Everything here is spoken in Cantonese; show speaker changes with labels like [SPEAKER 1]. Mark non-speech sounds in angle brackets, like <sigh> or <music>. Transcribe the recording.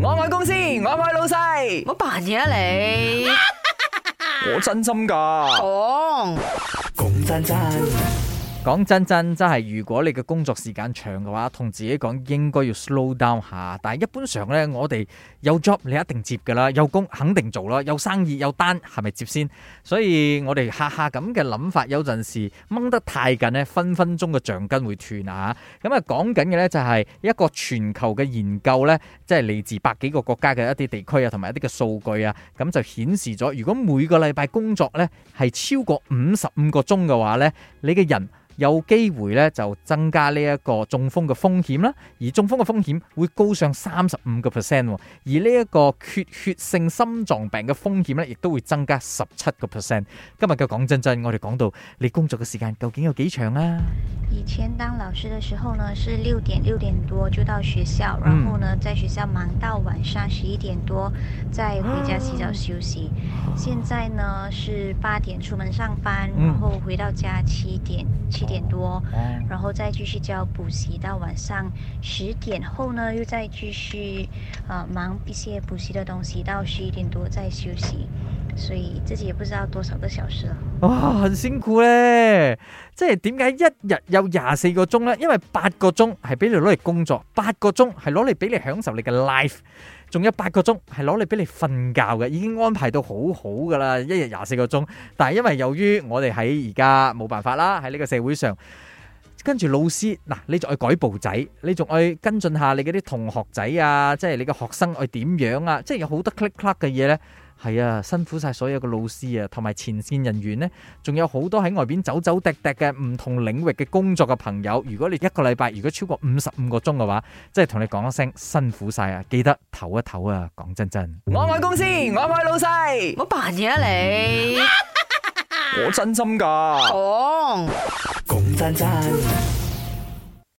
[SPEAKER 1] 我買公司，我買老細，我扮嘢啊你！我真心㗎的，講講真真。講真真真係，如果你嘅工作時間長嘅話，同自己講應該要 slow down 下。但係一般上呢，我哋有 job 你一定接噶啦，有工肯定做啦，有生意有單係咪接先？所以我哋下下咁嘅諗法有，有陣時掹得太緊呢，分分鐘嘅橡筋會斷啊吓。咁啊，講緊嘅呢，就係一個全球嘅研究呢，即係嚟自百幾個國家嘅一啲地區啊，同埋一啲嘅數據啊，咁就顯示咗，如果每個禮拜工作呢係超過五十五個鐘嘅話呢，你嘅人。有機會咧就增加呢一個中風嘅風險啦，而中風嘅風險會高上三十五個 percent，而呢一個缺血性心臟病嘅風險咧，亦都會增加十七個 percent。今日嘅講真真，我哋講到你工作嘅時間究竟有幾長啊？
[SPEAKER 2] 以前當老師嘅時候呢，係六點六點多就到學校，然後呢，在學校忙到晚上十一點多再回家洗澡休息。啊、現在呢，係八點出門上班，然後回到家七點七。點多，嗯、然後再繼續教補習到晚上十點後呢，又再繼續，啊、呃，忙一些補習的東西到十一點多再休息，所以自己也不知道多少個小時啦。
[SPEAKER 1] 哇，很辛苦咧！即係點解一日有廿四個鐘咧？因為八個鐘係俾你攞嚟工作，八個鐘係攞嚟俾你享受你嘅 life，仲有八個鐘係攞嚟俾你瞓覺嘅，已經安排到好好噶啦。一日廿四個鐘，但係因為由於我哋喺而家冇辦法啦，喺呢個社會。上跟住老師嗱，你仲去改簿仔，你仲去跟進下你嗰啲同學仔啊，即係你個學生係點樣啊，即係有好多 click click 嘅嘢呢，係啊，辛苦晒所有嘅老師啊，同埋前線人員呢。仲有好多喺外邊走走趯趯嘅唔同領域嘅工作嘅朋友。如果你一個禮拜如果超過五十五個鐘嘅話，即係同你講一聲辛苦晒啊，記得唞一唞啊。講真真，我愛公司，我愛老細，我扮嘢啊你。 <laughs> 我真心㗎哦，講真真。公公珍珍